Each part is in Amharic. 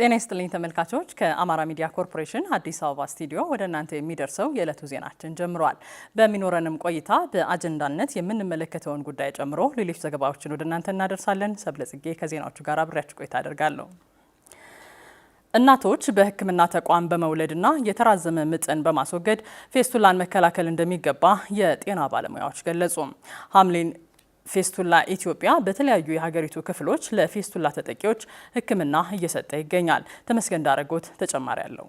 ጤና ይስጥልኝ ተመልካቾች፣ ከአማራ ሚዲያ ኮርፖሬሽን አዲስ አበባ ስቱዲዮ ወደ እናንተ የሚደርሰው የዕለቱ ዜናችን ጀምሯል። በሚኖረንም ቆይታ በአጀንዳነት የምንመለከተውን ጉዳይ ጨምሮ ሌሎች ዘገባዎችን ወደ እናንተ እናደርሳለን። ሰብለጽጌ ከዜናዎቹ ጋር አብሬያችሁ ቆይታ አደርጋለሁ። እናቶች በሕክምና ተቋም በመውለድና የተራዘመ ምጥን በማስወገድ ፌስቱላን መከላከል እንደሚገባ የጤና ባለሙያዎች ገለጹ። ሀምሊን ፌስቱላ ኢትዮጵያ በተለያዩ የሀገሪቱ ክፍሎች ለፌስቱላ ተጠቂዎች ሕክምና እየሰጠ ይገኛል። ተመስገን ዳረጎት ተጨማሪ አለው።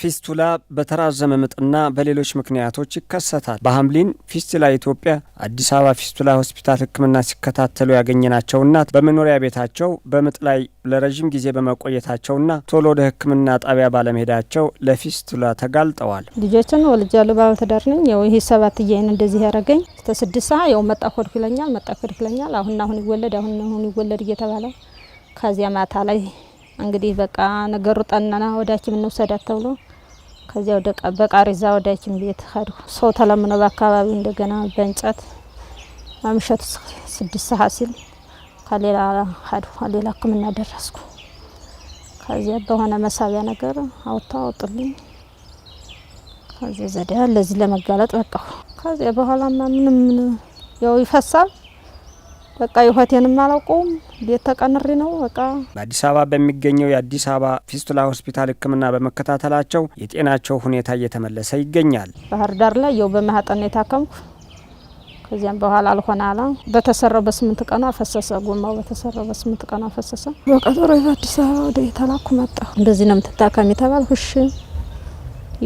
ፊስቱላ በተራዘመ ምጥና በሌሎች ምክንያቶች ይከሰታል። በሐምሊን ፊስቱላ ኢትዮጵያ አዲስ አበባ ፊስቱላ ሆስፒታል ሕክምና ሲከታተሉ ያገኘናቸው እናት በመኖሪያ ቤታቸው በምጥ ላይ ለረዥም ጊዜ በመቆየታቸውና ቶሎ ወደ ሕክምና ጣቢያ ባለመሄዳቸው ለፊስቱላ ተጋልጠዋል። ልጆችን ወልጃለሁ። ባለትዳር ነኝ። ያው ይህ እያይን እንደዚህ ያደረገኝ እስከ ስድስት ሰዓት ያው መጣ ኮድክ ይለኛል፣ መጣ ኮድክ ይለኛል። አሁን አሁን ይወለድ አሁን አሁን ይወለድ እየተባለ ከዚያ ማታ ላይ እንግዲህ በቃ ነገሩ ጠናና ወደ ሐኪም እንውሰዳት ተብሎ ከዚያ ወደ በቃሪዛ ወደ ሐኪም ቤት ሄድኩ። ሰው ተለምኖ በአካባቢው እንደገና በእንጨት ማምሸቱ ስድስት ሰዓት ሲል ከሌላ ሄድኩ፣ ሌላ ሕክምና ደረስኩ። ከዚያ በሆነ መሳቢያ ነገር አውጥታ አውጡልኝ። ከዚያ ዘዴ ለዚህ ለመጋለጥ በቃሁ። ከዚያ በኋላማ ምንም ያው ይፈሳል በቃ የሆቴንም አላውቀውም ቤት ተቀንሪ ነው በቃ በአዲስ አበባ በሚገኘው የአዲስ አበባ ፊስቱላ ሆስፒታል ሕክምና በመከታተላቸው የጤናቸው ሁኔታ እየተመለሰ ይገኛል። ባህር ዳር ላይ የው በማህጠን የታከምኩ ከዚያም በኋላ አልሆነ አላ በተሰራው በስምንት ቀኑ አፈሰሰ ጎማው በተሰራው በስምንት ቀኑ አፈሰሰ። በቀጠሮ በአዲስ አበባ ወደ የተላኩ መጣሁ። እንደዚህ ነው የምትታከም የተባልኩ እሺ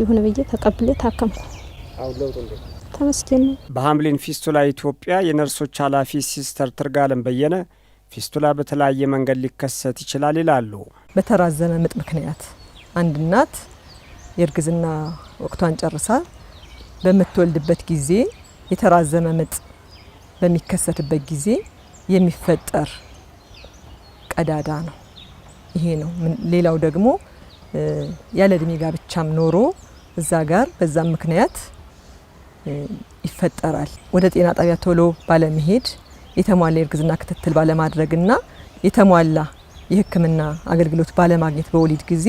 ይሁን ብዬ ተቀብሌ ታከምኩ። አሁን ለውጥ ተመስገን። በሀምሊን ፊስቱላ ኢትዮጵያ የነርሶች ኃላፊ ሲስተር ትርጋለም በየነ ፊስቱላ በተለያየ መንገድ ሊከሰት ይችላል ይላሉ። በተራዘመ ምጥ ምክንያት አንድ እናት የእርግዝና ወቅቷን ጨርሳ በምትወልድበት ጊዜ የተራዘመ ምጥ በሚከሰትበት ጊዜ የሚፈጠር ቀዳዳ ነው። ይሄ ነው። ሌላው ደግሞ ያለ እድሜ ጋብቻም ኖሮ እዛ ጋር በዛም ምክንያት ይፈጠራል። ወደ ጤና ጣቢያ ቶሎ ባለመሄድ የተሟላ የእርግዝና ክትትል ባለማድረግና የተሟላ የሕክምና አገልግሎት ባለማግኘት በወሊድ ጊዜ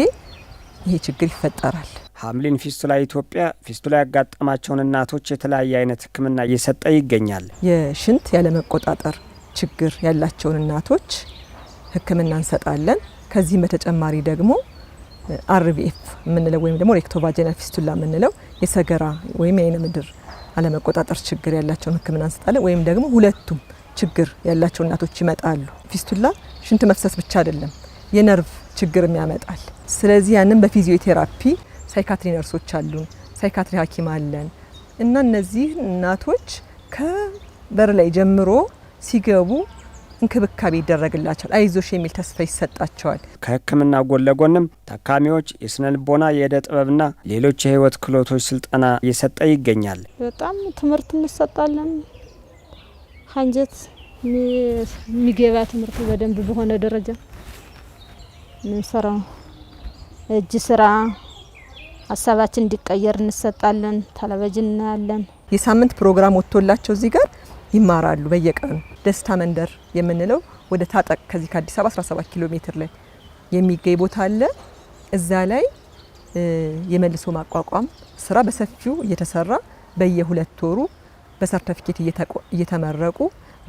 ይሄ ችግር ይፈጠራል። ሀምሊን ፊስቱላ ኢትዮጵያ ፊስቱላ ያጋጠማቸውን እናቶች የተለያየ አይነት ሕክምና እየሰጠ ይገኛል። የሽንት ያለመቆጣጠር ችግር ያላቸውን እናቶች ሕክምና እንሰጣለን። ከዚህም በተጨማሪ ደግሞ አርቪኤፍ የምንለው ወይም ደግሞ ሬክቶቫጀናል ፊስቱላ የምንለው የሰገራ ወይም የአይነ ምድር አለመቆጣጠር ችግር ያላቸውን ህክምና እንሰጣለን። ወይም ደግሞ ሁለቱም ችግር ያላቸው እናቶች ይመጣሉ። ፊስቱላ ሽንት መፍሰስ ብቻ አይደለም፣ የነርቭ ችግርም ያመጣል። ስለዚህ ያንን በፊዚዮቴራፒ ሳይካትሪ ነርሶች አሉን፣ ሳይካትሪ ሐኪም አለን እና እነዚህ እናቶች ከበር ላይ ጀምሮ ሲገቡ እንክብካቤ ይደረግላቸዋል፣ አይዞሽ የሚል ተስፋ ይሰጣቸዋል። ከህክምና ጎን ለጎንም ታካሚዎች የስነ ልቦና፣ የእደ ጥበብና ሌሎች የህይወት ክህሎቶች ስልጠና እየሰጠ ይገኛል። በጣም ትምህርት እንሰጣለን። አንጀት የሚገባ ትምህርት በደንብ በሆነ ደረጃ ምንሰራው እጅ ስራ ሀሳባችን እንዲቀየር እንሰጣለን። ተለበጅን እናያለን። የሳምንት ፕሮግራም ወጥቶላቸው እዚህ ጋር ይማራሉ በየቀኑ። ደስታ መንደር የምንለው ወደ ታጠቅ ከዚህ ከአዲስ አበባ 17 ኪሎ ሜትር ላይ የሚገኝ ቦታ አለ። እዛ ላይ የመልሶ ማቋቋም ስራ በሰፊው እየተሰራ በየሁለት ወሩ በሰርተፊኬት እየተመረቁ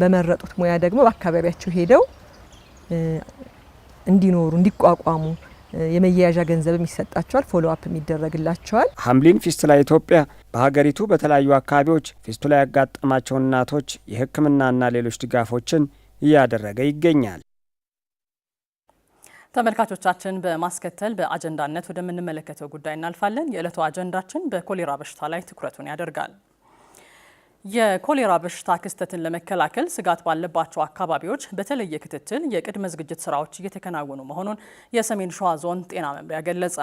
በመረጡት ሙያ ደግሞ በአካባቢያቸው ሄደው እንዲኖሩ እንዲቋቋሙ የመያያዣ ገንዘብም ይሰጣቸዋል። ፎሎ አፕም ይደረግላቸዋል። ሀምሊን ፊስትላ ኢትዮጵያ በሀገሪቱ በተለያዩ አካባቢዎች ፊስቱላ ያጋጠማቸው እናቶች የሕክምናና ሌሎች ድጋፎችን እያደረገ ይገኛል። ተመልካቾቻችን በማስከተል በአጀንዳነት ወደምንመለከተው ጉዳይ እናልፋለን። የዕለቱ አጀንዳችን በኮሌራ በሽታ ላይ ትኩረቱን ያደርጋል። የኮሌራ በሽታ ክስተትን ለመከላከል ስጋት ባለባቸው አካባቢዎች በተለየ ክትትል የቅድመ ዝግጅት ስራዎች እየተከናወኑ መሆኑን የሰሜን ሸዋ ዞን ጤና መምሪያ ገለጸ።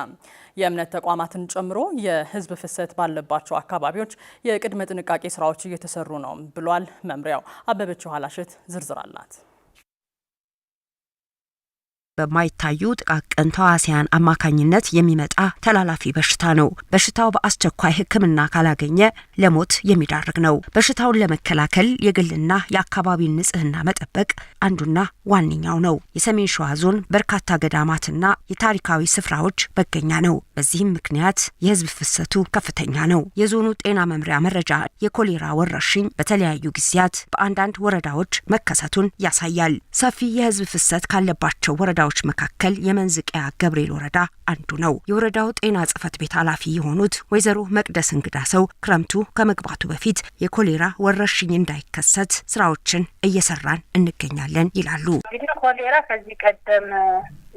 የእምነት ተቋማትን ጨምሮ የሕዝብ ፍሰት ባለባቸው አካባቢዎች የቅድመ ጥንቃቄ ስራዎች እየተሰሩ ነው ብሏል መምሪያው። አበበችው ኋላሽት ዝርዝር አላት። በማይታዩ ጥቃቅን ተዋሲያን አማካኝነት የሚመጣ ተላላፊ በሽታ ነው። በሽታው በአስቸኳይ ሕክምና ካላገኘ ለሞት የሚዳርግ ነው። በሽታውን ለመከላከል የግልና የአካባቢን ንጽህና መጠበቅ አንዱና ዋነኛው ነው። የሰሜን ሸዋ ዞን በርካታ ገዳማትና የታሪካዊ ስፍራዎች መገኛ ነው። በዚህም ምክንያት የህዝብ ፍሰቱ ከፍተኛ ነው። የዞኑ ጤና መምሪያ መረጃ የኮሌራ ወረርሽኝ በተለያዩ ጊዜያት በአንዳንድ ወረዳዎች መከሰቱን ያሳያል። ሰፊ የህዝብ ፍሰት ካለባቸው ወረዳ ወረዳዎች መካከል የመንዝቂያ ገብርኤል ወረዳ አንዱ ነው። የወረዳው ጤና ጽህፈት ቤት ኃላፊ የሆኑት ወይዘሮ መቅደስ እንግዳ ሰው ክረምቱ ከመግባቱ በፊት የኮሌራ ወረርሽኝ እንዳይከሰት ስራዎችን እየሰራን እንገኛለን ይላሉ። እንግዲህ ኮሌራ ከዚህ ቀደም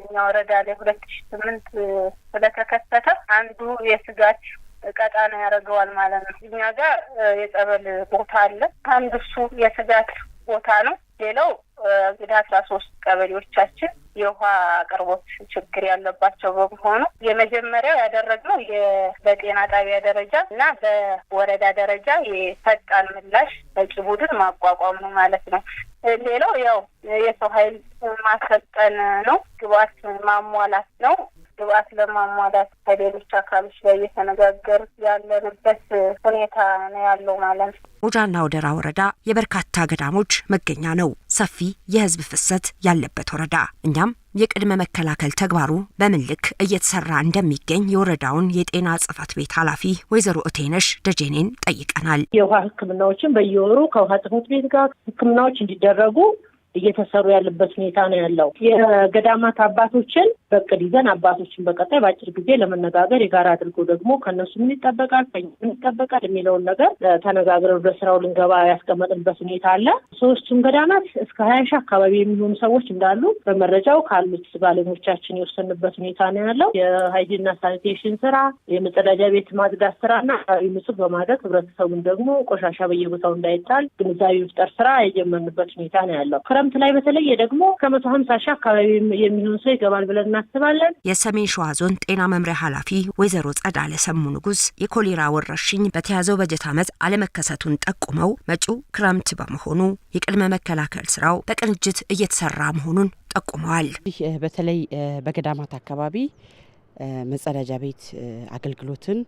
እኛ ወረዳ ላይ ሁለት ሺ ስምንት ስለተከሰተ አንዱ የስጋት ቀጣና ያደርገዋል ማለት ነው። እኛ ጋር የጸበል ቦታ አለ። አንዱ እሱ የስጋት ቦታ ነው። ሌላው እንግዲህ አስራ ሶስት ቀበሌዎቻችን የውሃ አቅርቦት ችግር ያለባቸው በመሆኑ የመጀመሪያው ያደረግነው በጤና ጣቢያ ደረጃ እና በወረዳ ደረጃ የፈጣን ምላሽ በቂ ቡድን ማቋቋም ነው ማለት ነው። ሌላው ያው የሰው ኃይል ማሰልጠን ነው፣ ግብአት ማሟላት ነው። ግብአት ለማሟላት ከሌሎች አካሎች ላይ እየተነጋገር ያለንበት ሁኔታ ነው ያለው ማለት ነው። ሞጃና ወደራ ወረዳ የበርካታ ገዳሞች መገኛ ነው። ሰፊ የህዝብ ፍሰት ያለበት ወረዳ እኛም የቅድመ መከላከል ተግባሩ በምን ልክ እየተሰራ እንደሚገኝ የወረዳውን የጤና ጽህፈት ቤት ኃላፊ ወይዘሮ እቴነሽ ደጀኔን ጠይቀናል። የውሃ ህክምናዎችን በየወሩ ከውሃ ጽሕፈት ቤት ጋር ህክምናዎች እንዲደረጉ እየተሰሩ ያለበት ሁኔታ ነው ያለው። የገዳማት አባቶችን በቅድ ይዘን አባቶችን በቀጣይ በአጭር ጊዜ ለመነጋገር የጋራ አድርጎ ደግሞ ከእነሱ ምን ይጠበቃል፣ ከእኛ ምን ይጠበቃል የሚለውን ነገር ተነጋግረን ወደ ስራው ልንገባ ያስቀመጥንበት ሁኔታ አለ። ሶስቱም ገዳማት እስከ ሀያ ሺህ አካባቢ የሚሆኑ ሰዎች እንዳሉ በመረጃው ካሉት ባለሞቻችን የወሰንበት ሁኔታ ነው ያለው። የሀይጂንና ሳኒቴሽን ስራ፣ የመጸዳጃ ቤት ማጽዳት ስራና አካባቢ ንጹህ በማድረግ ህብረተሰቡን ደግሞ ቆሻሻ በየቦታው እንዳይጣል ግንዛቤ መፍጠር ስራ የጀመርንበት ሁኔታ ነው ያለው። ጥቅምት ላይ በተለየ ደግሞ ከመቶ ሀምሳ ሺህ አካባቢ የሚሆን ሰው ይገባል ብለን እናስባለን። የሰሜን ሸዋ ዞን ጤና መምሪያ ኃላፊ ወይዘሮ ጸዳለ ሰሙ ንጉስ የኮሌራ ወረርሽኝ በተያዘው በጀት ዓመት አለመከሰቱን ጠቁመው መጪው ክረምት በመሆኑ የቅድመ መከላከል ስራው በቅንጅት እየተሰራ መሆኑን ጠቁመዋል። ይህ በተለይ በገዳማት አካባቢ መጸዳጃ ቤት አገልግሎትን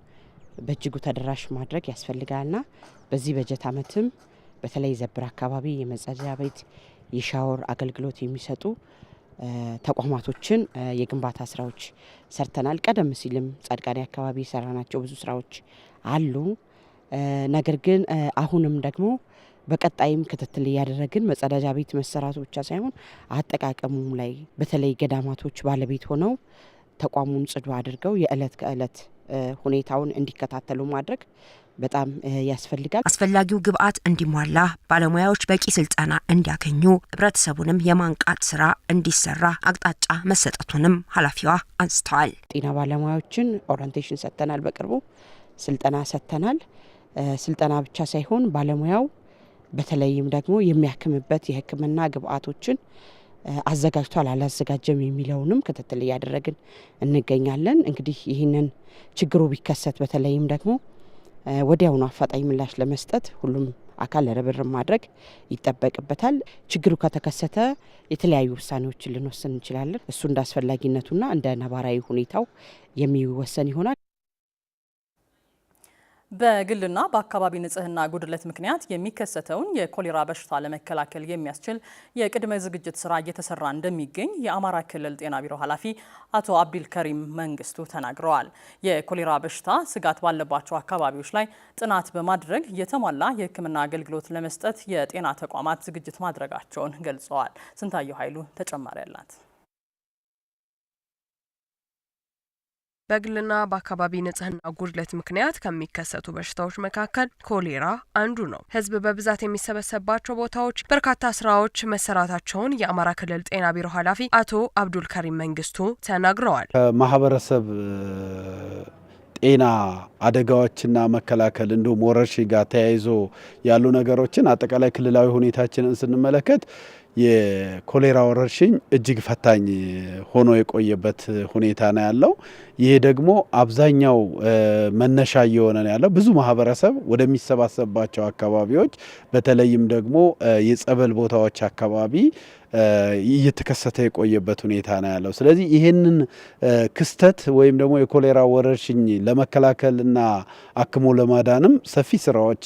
በእጅጉ ተደራሽ ማድረግ ያስፈልጋልና በዚህ በጀት ዓመትም በተለይ ዘብር አካባቢ የመጸዳጃ ቤት የሻወር አገልግሎት የሚሰጡ ተቋማቶችን የግንባታ ስራዎች ሰርተናል። ቀደም ሲልም ጻድቃኔ አካባቢ የሰራናቸው ብዙ ስራዎች አሉ። ነገር ግን አሁንም ደግሞ በቀጣይም ክትትል እያደረግን መጸዳጃ ቤት መሰራቱ ብቻ ሳይሆን አጠቃቀሙ ላይ በተለይ ገዳማቶች ባለቤት ሆነው ተቋሙን ጽዱ አድርገው የእለት ከእለት። ሁኔታውን እንዲከታተሉ ማድረግ በጣም ያስፈልጋል። አስፈላጊው ግብዓት እንዲሟላ ባለሙያዎች በቂ ስልጠና እንዲያገኙ፣ ህብረተሰቡንም የማንቃት ስራ እንዲሰራ አቅጣጫ መሰጠቱንም ኃላፊዋ አንስተዋል። ጤና ባለሙያዎችን ኦሪንቴሽን ሰጥተናል፣ በቅርቡ ስልጠና ሰጥተናል። ስልጠና ብቻ ሳይሆን ባለሙያው በተለይም ደግሞ የሚያክምበት የህክምና ግብዓቶችን አዘጋጅቷል አላዘጋጀም የሚለውንም ክትትል እያደረግን እንገኛለን። እንግዲህ ይህንን ችግሩ ቢከሰት በተለይም ደግሞ ወዲያውኑ አፋጣኝ ምላሽ ለመስጠት ሁሉም አካል ለርብር ማድረግ ይጠበቅበታል። ችግሩ ከተከሰተ የተለያዩ ውሳኔዎችን ልንወስን እንችላለን። እሱ እንደ አስፈላጊነቱና እንደ ነባራዊ ሁኔታው የሚወሰን ይሆናል። በግልና በአካባቢ ንጽህና ጉድለት ምክንያት የሚከሰተውን የኮሌራ በሽታ ለመከላከል የሚያስችል የቅድመ ዝግጅት ስራ እየተሰራ እንደሚገኝ የአማራ ክልል ጤና ቢሮ ኃላፊ አቶ አብዱልከሪም መንግስቱ ተናግረዋል። የኮሌራ በሽታ ስጋት ባለባቸው አካባቢዎች ላይ ጥናት በማድረግ የተሟላ የሕክምና አገልግሎት ለመስጠት የጤና ተቋማት ዝግጅት ማድረጋቸውን ገልጸዋል። ስንታየው ኃይሉ ተጨማሪ አላት። በግልና በአካባቢ ንጽህና ጉድለት ምክንያት ከሚከሰቱ በሽታዎች መካከል ኮሌራ አንዱ ነው። ህዝብ በብዛት የሚሰበሰብባቸው ቦታዎች በርካታ ስራዎች መሰራታቸውን የአማራ ክልል ጤና ቢሮ ኃላፊ አቶ አብዱልከሪም መንግስቱ ተናግረዋል። ከማህበረሰብ ጤና አደጋዎችና መከላከል እንዲሁም ወረርሽኝ ጋር ተያይዞ ያሉ ነገሮችን አጠቃላይ ክልላዊ ሁኔታችንን ስንመለከት የኮሌራ ወረርሽኝ እጅግ ፈታኝ ሆኖ የቆየበት ሁኔታ ነው ያለው። ይህ ደግሞ አብዛኛው መነሻ እየሆነ ነው ያለው። ብዙ ማህበረሰብ ወደሚሰባሰብባቸው አካባቢዎች በተለይም ደግሞ የጸበል ቦታዎች አካባቢ እየተከሰተ የቆየበት ሁኔታ ነው ያለው። ስለዚህ ይህንን ክስተት ወይም ደግሞ የኮሌራ ወረርሽኝ ለመከላከልና አክሞ ለማዳንም ሰፊ ስራዎች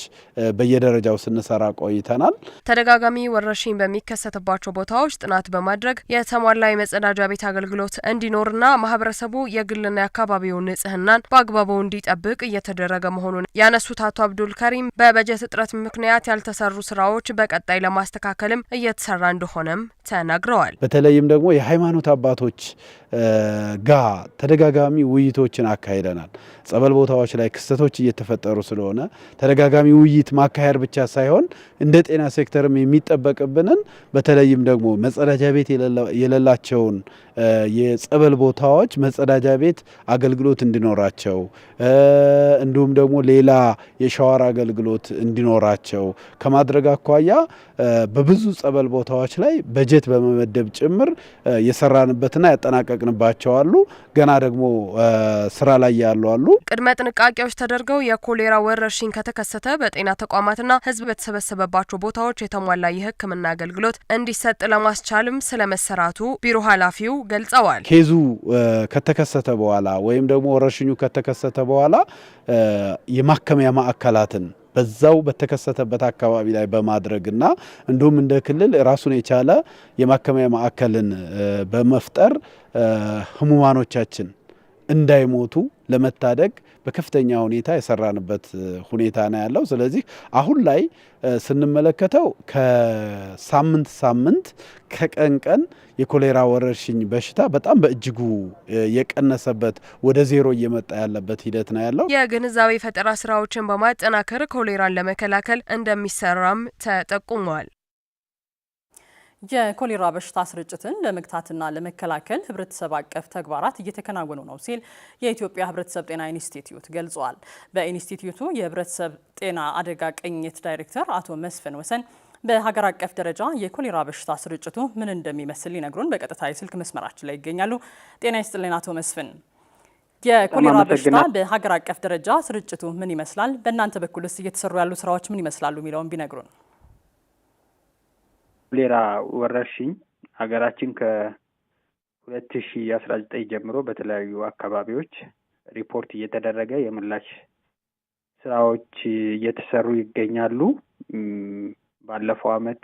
በየደረጃው ስንሰራ ቆይተናል። ተደጋጋሚ ወረርሽኝ በሚከሰትባቸው ቦታዎች ጥናት በማድረግ የተሟላ የመጸዳጃ ቤት አገልግሎት እንዲኖርና ማህበረሰቡ የግልና የአካባቢውን ንጽህናን በአግባቡ እንዲጠብቅ እየተደረገ መሆኑን ያነሱት አቶ አብዱል ከሪም በበጀት እጥረት ምክንያት ያልተሰሩ ስራዎች በቀጣይ ለማስተካከልም እየተሰራ እንደሆነም ተናግረዋል። በተለይም ደግሞ የሃይማኖት አባቶች ጋ ተደጋጋሚ ውይይቶችን አካሂደናል። ጸበል ቦታዎች ላይ ክስተቶች እየተፈጠሩ ስለሆነ ተደጋጋሚ ውይይት ማካሄድ ብቻ ሳይሆን እንደ ጤና ሴክተርም የሚጠበቅብንን በተለይም ደግሞ መጸዳጃ ቤት የሌላቸውን የጸበል ቦታዎች መጸዳጃ ቤት አገልግሎት እንዲኖራቸው እንዲሁም ደግሞ ሌላ የሻወር አገልግሎት እንዲኖራቸው ከማድረግ አኳያ በብዙ ጸበል ቦታዎች ላይ በጀት በመመደብ ጭምር የሰራንበትና ያጠናቀቅ ያስጠነቀቅንባቸው አሉ። ገና ደግሞ ስራ ላይ ያሉ አሉ። ቅድመ ጥንቃቄዎች ተደርገው የኮሌራ ወረርሽኝ ከተከሰተ በጤና ተቋማትና ህዝብ በተሰበሰበባቸው ቦታዎች የተሟላ የሕክምና አገልግሎት እንዲሰጥ ለማስቻልም ስለ መሰራቱ ቢሮ ኃላፊው ገልጸዋል። ኬዙ ከተከሰተ በኋላ ወይም ደግሞ ወረርሽኙ ከተከሰተ በኋላ የማከሚያ ማዕከላትን በዛው በተከሰተበት አካባቢ ላይ በማድረግና እንዲሁም እንደ ክልል ራሱን የቻለ የማከሚያ ማዕከልን በመፍጠር ህሙማኖቻችን እንዳይሞቱ ለመታደግ በከፍተኛ ሁኔታ የሰራንበት ሁኔታ ነው ያለው። ስለዚህ አሁን ላይ ስንመለከተው ከሳምንት ሳምንት ከቀን ቀን የኮሌራ ወረርሽኝ በሽታ በጣም በእጅጉ የቀነሰበት ወደ ዜሮ እየመጣ ያለበት ሂደት ነው ያለው። የግንዛቤ ፈጠራ ስራዎችን በማጠናከር ኮሌራን ለመከላከል እንደሚሰራም ተጠቁመዋል። የኮሌራ በሽታ ስርጭትን ለመግታትና ለመከላከል ህብረተሰብ አቀፍ ተግባራት እየተከናወኑ ነው ሲል የኢትዮጵያ ህብረተሰብ ጤና ኢንስቲትዩት ገልጿል። በኢንስቲትዩቱ የህብረተሰብ ጤና አደጋ ቅኝት ዳይሬክተር አቶ መስፍን ወሰን በሀገር አቀፍ ደረጃ የኮሌራ በሽታ ስርጭቱ ምን እንደሚመስል ሊነግሩን በቀጥታ የስልክ መስመራችን ላይ ይገኛሉ። ጤና ይስጥልን አቶ መስፍን። የኮሌራ በሽታ በሀገር አቀፍ ደረጃ ስርጭቱ ምን ይመስላል፣ በእናንተ ውስጥ እየተሰሩ ያሉ ስራዎች ምን ይመስላሉ የሚለውን ቢነግሩን። ኮሌራ ወረርሽኝ ሀገራችን ከሁለት ሺ አስራ ዘጠኝ ጀምሮ በተለያዩ አካባቢዎች ሪፖርት እየተደረገ የምላሽ ስራዎች እየተሰሩ ይገኛሉ። ባለፈው አመት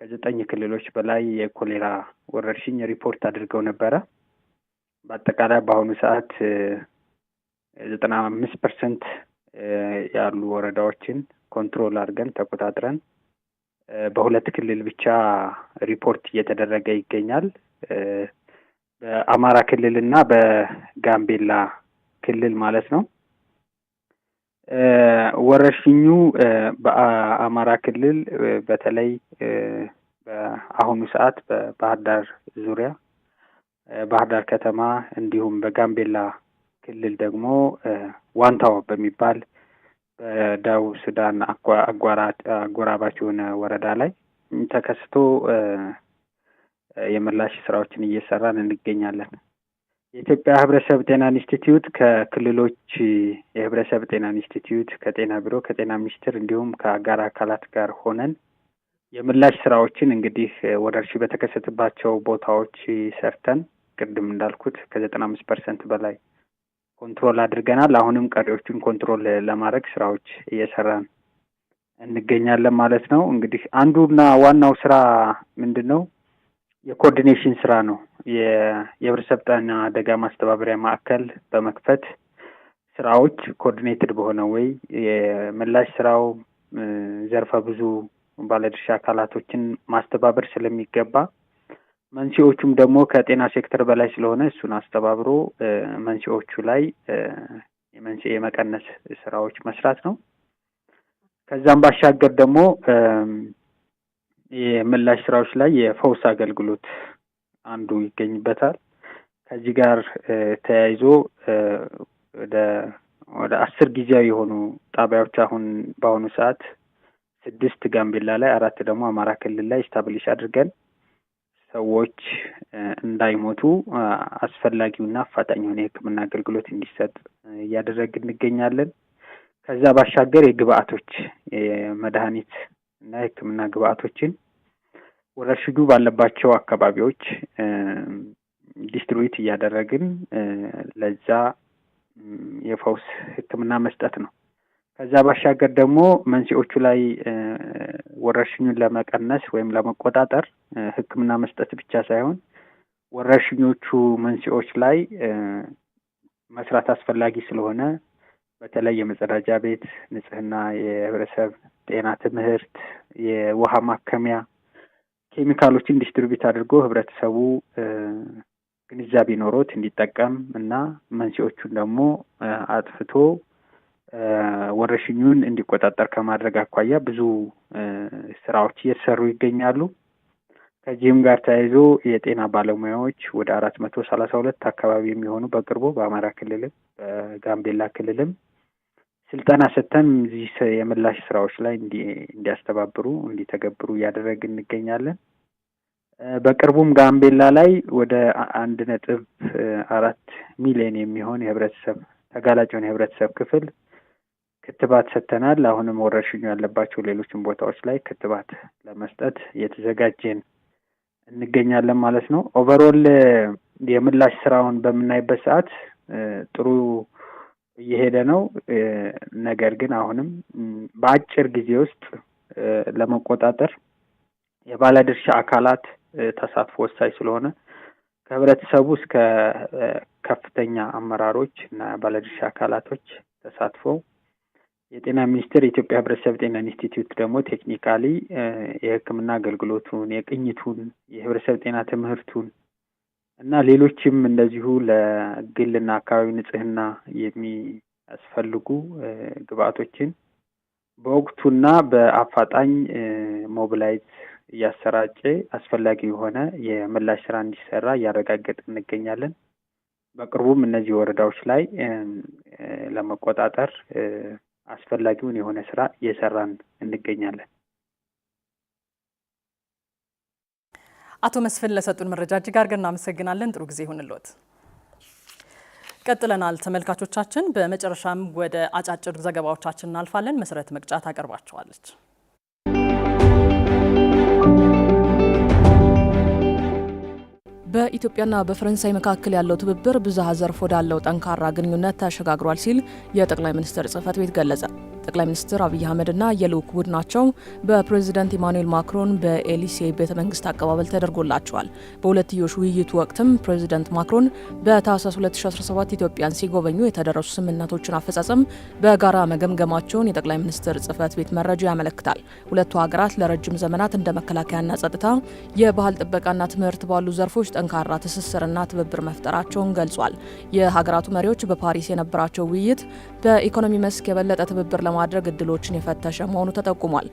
ከዘጠኝ ክልሎች በላይ የኮሌራ ወረርሽኝ ሪፖርት አድርገው ነበረ። በአጠቃላይ በአሁኑ ሰዓት ዘጠና አምስት ፐርሰንት ያሉ ወረዳዎችን ኮንትሮል አድርገን ተቆጣጥረን በሁለት ክልል ብቻ ሪፖርት እየተደረገ ይገኛል። በአማራ ክልል እና በጋምቤላ ክልል ማለት ነው። ወረርሽኙ በአማራ ክልል በተለይ በአሁኑ ሰዓት በባህር ዳር ዙሪያ ባህር ዳር ከተማ እንዲሁም በጋምቤላ ክልል ደግሞ ዋንታዋ በሚባል በደቡብ ሱዳን አጎራባች የሆነ ወረዳ ላይ ተከስቶ የምላሽ ስራዎችን እየሰራን እንገኛለን። የኢትዮጵያ ህብረተሰብ ጤና ኢንስቲትዩት ከክልሎች የህብረተሰብ ጤና ኢንስቲትዩት ከጤና ቢሮ ከጤና ሚኒስቴር እንዲሁም ከአጋር አካላት ጋር ሆነን የምላሽ ስራዎችን እንግዲህ ወረርሽኝ በተከሰተባቸው ቦታዎች ሰርተን ቅድም እንዳልኩት ከዘጠና አምስት ፐርሰንት በላይ ኮንትሮል አድርገናል። አሁንም ቀሪዎቹን ኮንትሮል ለማድረግ ስራዎች እየሰራን እንገኛለን ማለት ነው። እንግዲህ አንዱና ዋናው ስራ ምንድን ነው? የኮኦርዲኔሽን ስራ ነው። የህብረተሰብ ጤና አደጋ ማስተባበሪያ ማዕከል በመክፈት ስራዎች ኮኦርዲኔትድ በሆነ ወይ የምላሽ ስራው ዘርፈ ብዙ ባለድርሻ አካላቶችን ማስተባበር ስለሚገባ መንስኤዎቹም ደግሞ ከጤና ሴክተር በላይ ስለሆነ እሱን አስተባብሮ መንስኤዎቹ ላይ የመንስኤ የመቀነስ ስራዎች መስራት ነው። ከዛም ባሻገር ደግሞ የምላሽ ስራዎች ላይ የፈውስ አገልግሎት አንዱ ይገኝበታል። ከዚህ ጋር ተያይዞ ወደ ወደ አስር ጊዜያዊ የሆኑ ጣቢያዎች አሁን በአሁኑ ሰዓት ስድስት ጋምቤላ ላይ፣ አራት ደግሞ አማራ ክልል ላይ ስታብሊሽ አድርገን ሰዎች እንዳይሞቱ አስፈላጊውና አፋጣኝ የሆነ የሕክምና አገልግሎት እንዲሰጥ እያደረግ እንገኛለን። ከዛ ባሻገር የግብአቶች የመድኃኒት እና የሕክምና ግብአቶችን ወረርሽኙ ባለባቸው አካባቢዎች ዲስትሪቢዩት እያደረግን ለዛ የፈውስ ሕክምና መስጠት ነው። ከዛ ባሻገር ደግሞ መንስኤዎቹ ላይ ወረርሽኙን ለመቀነስ ወይም ለመቆጣጠር ሕክምና መስጠት ብቻ ሳይሆን ወረርሽኞቹ መንስኤዎች ላይ መስራት አስፈላጊ ስለሆነ በተለይ የመጸዳጃ ቤት ንጽህና፣ የህብረተሰብ ጤና ትምህርት፣ የውሃ ማከሚያ ኬሚካሎችን ዲስትሪቢዩት አድርጎ ህብረተሰቡ ግንዛቤ ኖሮት እንዲጠቀም እና መንስኤዎቹን ደግሞ አጥፍቶ ወረሽኙን እንዲቆጣጠር ከማድረግ አኳያ ብዙ ስራዎች እየተሰሩ ይገኛሉ። ከዚህም ጋር ተያይዞ የጤና ባለሙያዎች ወደ አራት መቶ ሰላሳ ሁለት አካባቢ የሚሆኑ በቅርቡ በአማራ ክልልም በጋምቤላ ክልልም ስልጠና ሰጥተን እዚህ የምላሽ ስራዎች ላይ እንዲያስተባብሩ እንዲተገብሩ እያደረግ እንገኛለን። በቅርቡም ጋምቤላ ላይ ወደ አንድ ነጥብ አራት ሚሊዮን የሚሆን የህብረተሰብ ተጋላጭ የሆነ የህብረተሰብ ክፍል ክትባት ሰጥተናል። አሁንም ወረርሽኙ ያለባቸው ሌሎችን ቦታዎች ላይ ክትባት ለመስጠት እየተዘጋጀን እንገኛለን ማለት ነው። ኦቨሮል የምላሽ ስራውን በምናይበት ሰዓት ጥሩ እየሄደ ነው። ነገር ግን አሁንም በአጭር ጊዜ ውስጥ ለመቆጣጠር የባለድርሻ አካላት ተሳትፎ ወሳኝ ስለሆነ ከህብረተሰቡ እስከ ከፍተኛ አመራሮች እና ባለድርሻ አካላቶች ተሳትፎ የጤና ሚኒስቴር የኢትዮጵያ ህብረተሰብ ጤና ኢንስቲትዩት ደግሞ ቴክኒካሊ የህክምና አገልግሎቱን የቅኝቱን፣ የህብረተሰብ ጤና ትምህርቱን እና ሌሎችም እንደዚሁ ለግልና አካባቢ ንጽህና የሚያስፈልጉ ግብአቶችን በወቅቱና በአፋጣኝ ሞቢላይዝ እያሰራጨ አስፈላጊ የሆነ የምላሽ ስራ እንዲሰራ እያረጋገጥ እንገኛለን። በቅርቡም እነዚህ ወረዳዎች ላይ ለመቆጣጠር አስፈላጊውን የሆነ ስራ እየሰራን እንገኛለን። አቶ መስፍን ለሰጡን መረጃ እጅግ አድርገን እናመሰግናለን። ጥሩ ጊዜ ይሁንልዎት። ቀጥለናል ተመልካቾቻችን። በመጨረሻም ወደ አጫጭር ዘገባዎቻችን እናልፋለን። መሰረት መቅጫት አቀርባቸዋለች። በኢትዮጵያና በፈረንሳይ መካከል ያለው ትብብር ብዝሃ ዘርፍ ወዳለው ጠንካራ ግንኙነት ተሸጋግሯል ሲል የጠቅላይ ሚኒስትር ጽህፈት ቤት ገለጸ። ጠቅላይ ሚኒስትር አብይ አህመድና የልዑክ ቡድናቸው በፕሬዚደንት ኢማኑኤል ማክሮን በኤሊሴ ቤተ መንግስት አቀባበል ተደርጎላቸዋል። በሁለትዮሽ ውይይቱ ወቅትም ፕሬዚደንት ማክሮን በታህሳስ 2017 ኢትዮጵያን ሲጎበኙ የተደረሱ ስምምነቶችን አፈጻጸም በጋራ መገምገማቸውን የጠቅላይ ሚኒስትር ጽህፈት ቤት መረጃ ያመለክታል። ሁለቱ ሀገራት ለረጅም ዘመናት እንደ መከላከያና ጸጥታ፣ የባህል ጥበቃና ትምህርት ባሉ ዘርፎች ጠንካራ ትስስርና ትብብር መፍጠራቸውን ገልጿል። የሀገራቱ መሪዎች በፓሪስ የነበራቸው ውይይት በኢኮኖሚ መስክ የበለጠ ትብብር ለማ በማድረግ እድሎችን የፈተሸ መሆኑ ተጠቁሟል።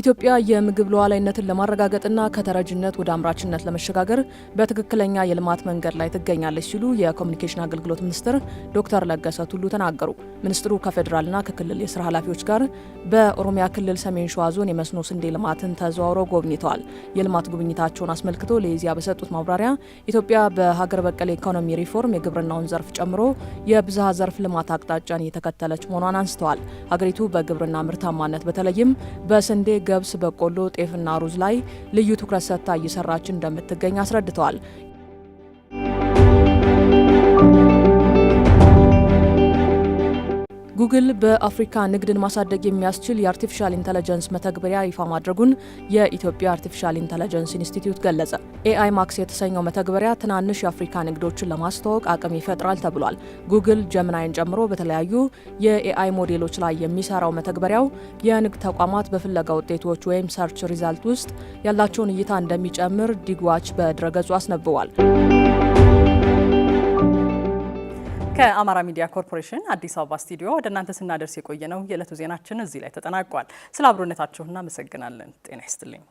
ኢትዮጵያ የምግብ ሉዓላዊነትን ለማረጋገጥና ከተረጅነት ወደ አምራችነት ለመሸጋገር በትክክለኛ የልማት መንገድ ላይ ትገኛለች ሲሉ የኮሚኒኬሽን አገልግሎት ሚኒስትር ዶክተር ለገሰ ቱሉ ተናገሩ። ሚኒስትሩ ከፌዴራልና ከክልል የስራ ኃላፊዎች ጋር በኦሮሚያ ክልል ሰሜን ሸዋ ዞን የመስኖ ስንዴ ልማትን ተዘዋውረው ጎብኝተዋል። የልማት ጉብኝታቸውን አስመልክቶ ለኢዜአ በሰጡት ማብራሪያ ኢትዮጵያ በሀገር በቀል ኢኮኖሚ ሪፎርም የግብርናውን ዘርፍ ጨምሮ የብዝሃ ዘርፍ ልማት አቅጣጫን እየተከተለች መሆኗን አንስተዋል። ሀገሪቱ በግብርና ምርታማነት በተለይም በስንዴ ገብስ፣ በቆሎ፣ ጤፍና ሩዝ ላይ ልዩ ትኩረት ሰጥታ እየሰራች እንደምትገኝ አስረድተዋል። ጉግል በአፍሪካ ንግድን ማሳደግ የሚያስችል የአርቲፊሻል ኢንተለጀንስ መተግበሪያ ይፋ ማድረጉን የኢትዮጵያ አርቲፊሻል ኢንተለጀንስ ኢንስቲትዩት ገለጸ። ኤአይ ማክስ የተሰኘው መተግበሪያ ትናንሽ የአፍሪካ ንግዶችን ለማስተዋወቅ አቅም ይፈጥራል ተብሏል። ጉግል ጀምናይን ጨምሮ በተለያዩ የኤአይ ሞዴሎች ላይ የሚሰራው መተግበሪያው የንግድ ተቋማት በፍለጋ ውጤቶች ወይም ሰርች ሪዛልት ውስጥ ያላቸውን እይታ እንደሚጨምር ዲጓች በድረገጹ አስነብቧል። ከአማራ ሚዲያ ኮርፖሬሽን አዲስ አበባ ስቱዲዮ ወደ እናንተ ስናደርስ የቆየ ነው የዕለቱ ዜናችን እዚህ ላይ ተጠናቋል። ስለ አብሮነታችሁ እናመሰግናለን። ጤና ይስጥልኝ።